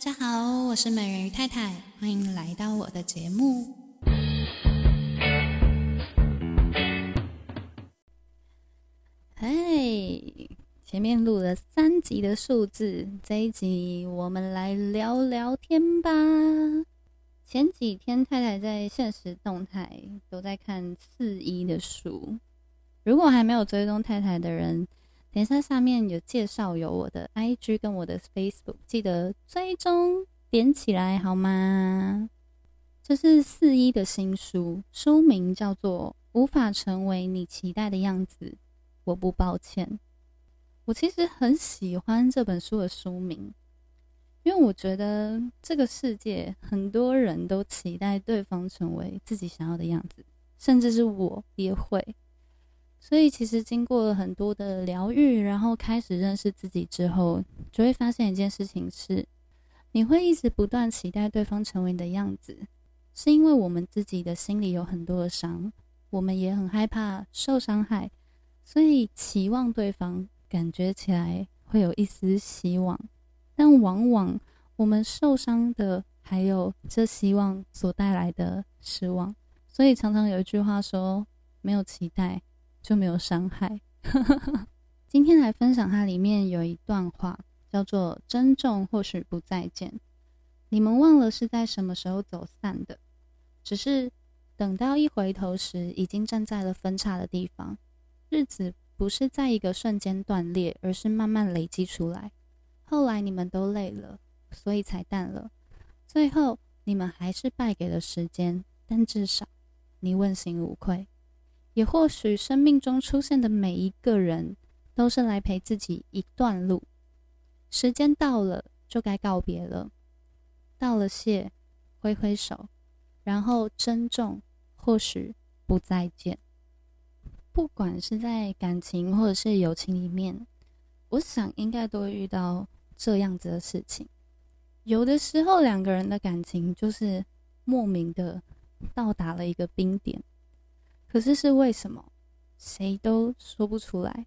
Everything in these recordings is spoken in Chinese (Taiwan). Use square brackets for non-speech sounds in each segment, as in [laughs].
大家好，我是美人魚太太，歡迎來到我的節目。哎，前面錄了三集的數字，這一集我們來聊聊天吧。前幾天太太在限時動態都在看四一的書，如果還沒有追蹤太太的人。等一下，下面有介紹有我的 IG 跟我的 Facebook，記得追蹤點起來好嗎？這是四一的新書，書名叫做《無法成為你期待的樣子》，我不抱歉。我其實很喜歡這本書的書名，因為我覺得這個世界很多人都期待對方成為自己想要的樣子，甚至是我也會。所以，其實經過了很多的療癒，然後開始認識自己之後，就會發現一件事情是：你會一直不斷期待對方成為你的樣子，是因為我們自己的心裡有很多的傷，我們也很害怕受傷害，所以期望對方感覺起來會有一絲希望，但往往我們受傷的還有這希望所帶來的失望。所以常常有一句話說：沒有期待。就沒有傷害。 [laughs] 今天來分享它裡面有一段話，叫做“珍重或許不再見”。你們忘了是在什麼時候走散的，只是等到一回頭時，已經站在了分叉的地方。日子不是在一個瞬間斷裂，而是慢慢累積出來。後來你們都累了，所以才淡了。最後你們還是敗給了時間，但至少你問心無愧。也或許，生命中出現的每一個人，都是來陪自己一段路。時間到了，就該告別了，道了謝，揮揮手，然後珍重。或許不再見。不管是在感情或者是友情裡面，我想應該都會遇到這樣子的事情。有的時候，兩個人的感情就是莫名的到達了一個冰點。可是是為什麼？誰都說不出來，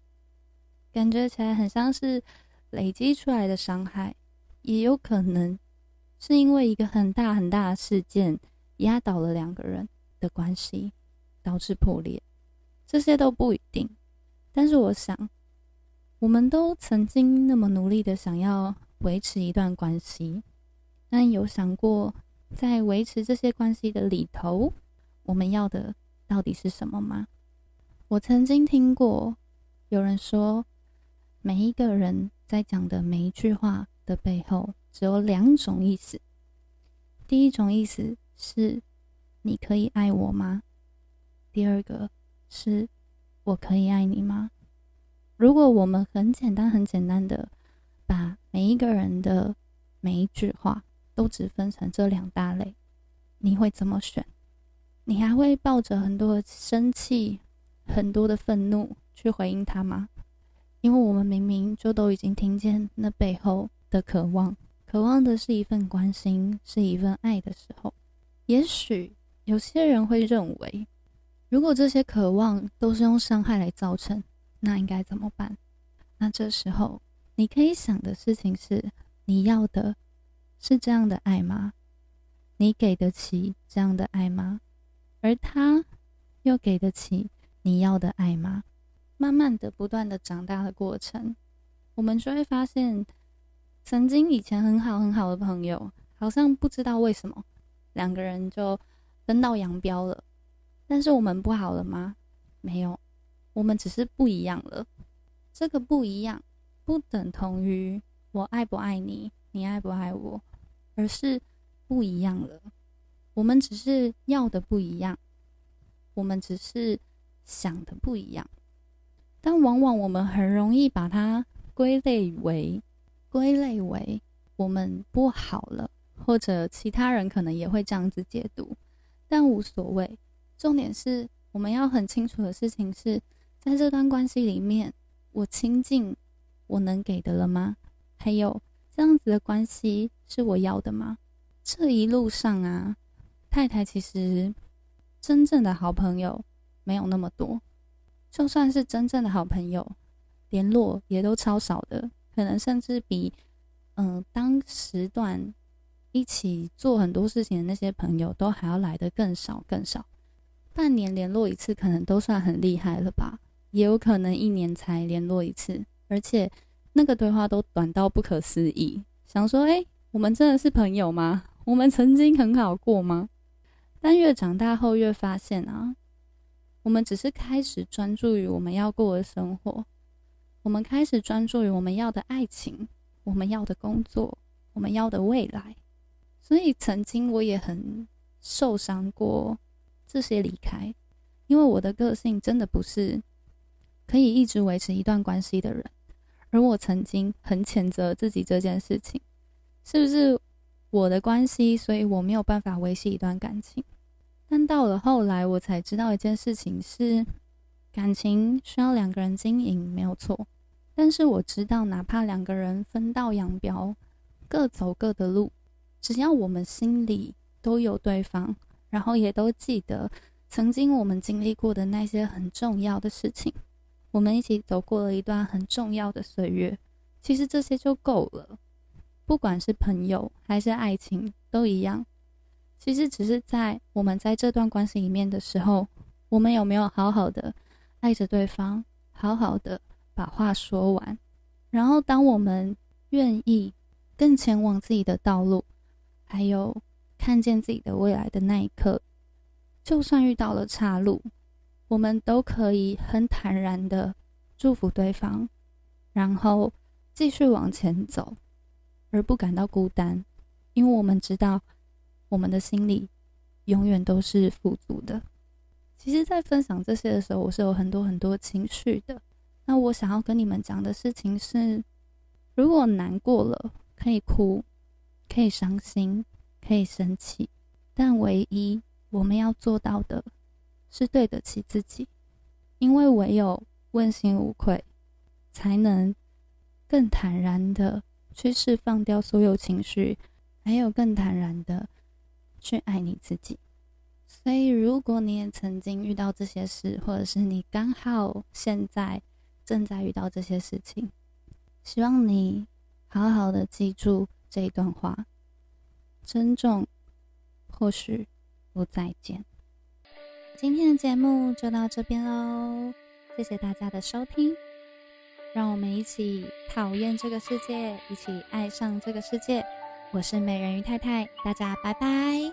感覺起來很像是累積出來的傷害，也有可能是因為一個很大很大的事件壓倒了兩個人的關係，導致破裂。這些都不一定。但是我想，我們都曾經那麼努力的想要維持一段關係，但有想過，在維持這些關係的裡頭，我們要的。到底是什麼嗎？我曾經聽過有人說，每一個人在講的每一句話的背後，只有兩種意思。第一種意思是，你可以愛我嗎？第二個是，我可以愛你嗎？如果我們很簡單、很簡單的把每一個人的每一句話都只分成這兩大類，你會怎麼選？你還會抱着很多的生氣、很多的憤怒去回應他嗎？因為我們明明就都已經聽見那背後的渴望，渴望的是一份關心，是一份愛的時候，也許有些人會認為，如果這些渴望都是用傷害來造成，那應該怎麼辦？那這時候你可以想的事情是：你要的是這樣的愛嗎？你給得起這樣的愛嗎？而他，又給得起你要的愛嗎？慢慢的、不斷的長大的過程，我們就會發現，曾經以前很好很好的朋友，好像不知道為什麼，兩個人就分道揚鑣了。但是我們不好了嗎？沒有，我們只是不一樣了。這個不一樣，不等同於我愛不愛你，你愛不愛我，而是不一樣了。我們只是要的不一樣，我們只是想的不一樣，但往往我們很容易把它歸類為歸類為我們不好了，或者其他人可能也會這樣子解讀，但無所謂。重點是我們要很清楚的事情是，在這段關係裡面，我親近我能給的了嗎？還有這樣子的關係是我要的嗎？這一路上啊。太太其實真正的好朋友沒有那麼多，就算是真正的好朋友，聯絡也都超少的，可能甚至比嗯、呃、當時段一起做很多事情的那些朋友都還要來得更少更少，半年聯絡一次可能都算很厲害了吧，也有可能一年才聯絡一次，而且那個對話都短到不可思議，想說哎、欸，我們真的是朋友嗎？我們曾經很好過嗎？但越長大後，越發現啊，我們只是開始專注於我們要過的生活，我們開始專注於我們要的愛情，我們要的工作，我們要的未來。所以曾經我也很受傷過這些離開，因為我的個性真的不是可以一直維持一段關係的人。而我曾經很譴責自己這件事情，是不是我的關係，所以我沒有辦法維繫一段感情？但到了後來，我才知道一件事情是，感情需要兩個人經營，沒有錯。但是我知道，哪怕兩個人分道揚鑣，各走各的路，只要我們心裡都有對方，然後也都記得曾經我們經歷過的那些很重要的事情，我們一起走過了一段很重要的歲月。其實這些就夠了，不管是朋友還是愛情，都一樣。其實只是在我們在這段關係裡面的時候，我們有沒有好好的愛着對方，好好的把話說完，然後當我們願意更前往自己的道路，還有看見自己的未來的那一刻，就算遇到了岔路，我們都可以很坦然的祝福對方，然後繼續往前走，而不感到孤單，因為我們知道。我們的心裡永遠都是富足的。其實，在分享這些的時候，我是有很多很多情緒的。那我想要跟你們講的事情是：如果難過了，可以哭，可以傷心，可以生氣，但唯一我們要做到的，是對得起自己，因為唯有問心無愧，才能更坦然的去釋放掉所有情緒，還有更坦然的。去愛你自己，所以如果你也曾經遇到這些事，或者是你剛好現在正在遇到這些事情，希望你好好的記住這一段話，珍重，或許不再見。今天的節目就到這邊嘍，謝謝大家的收聽，讓我們一起討厭這個世界，一起愛上這個世界。我是美人魚太太，大家拜拜。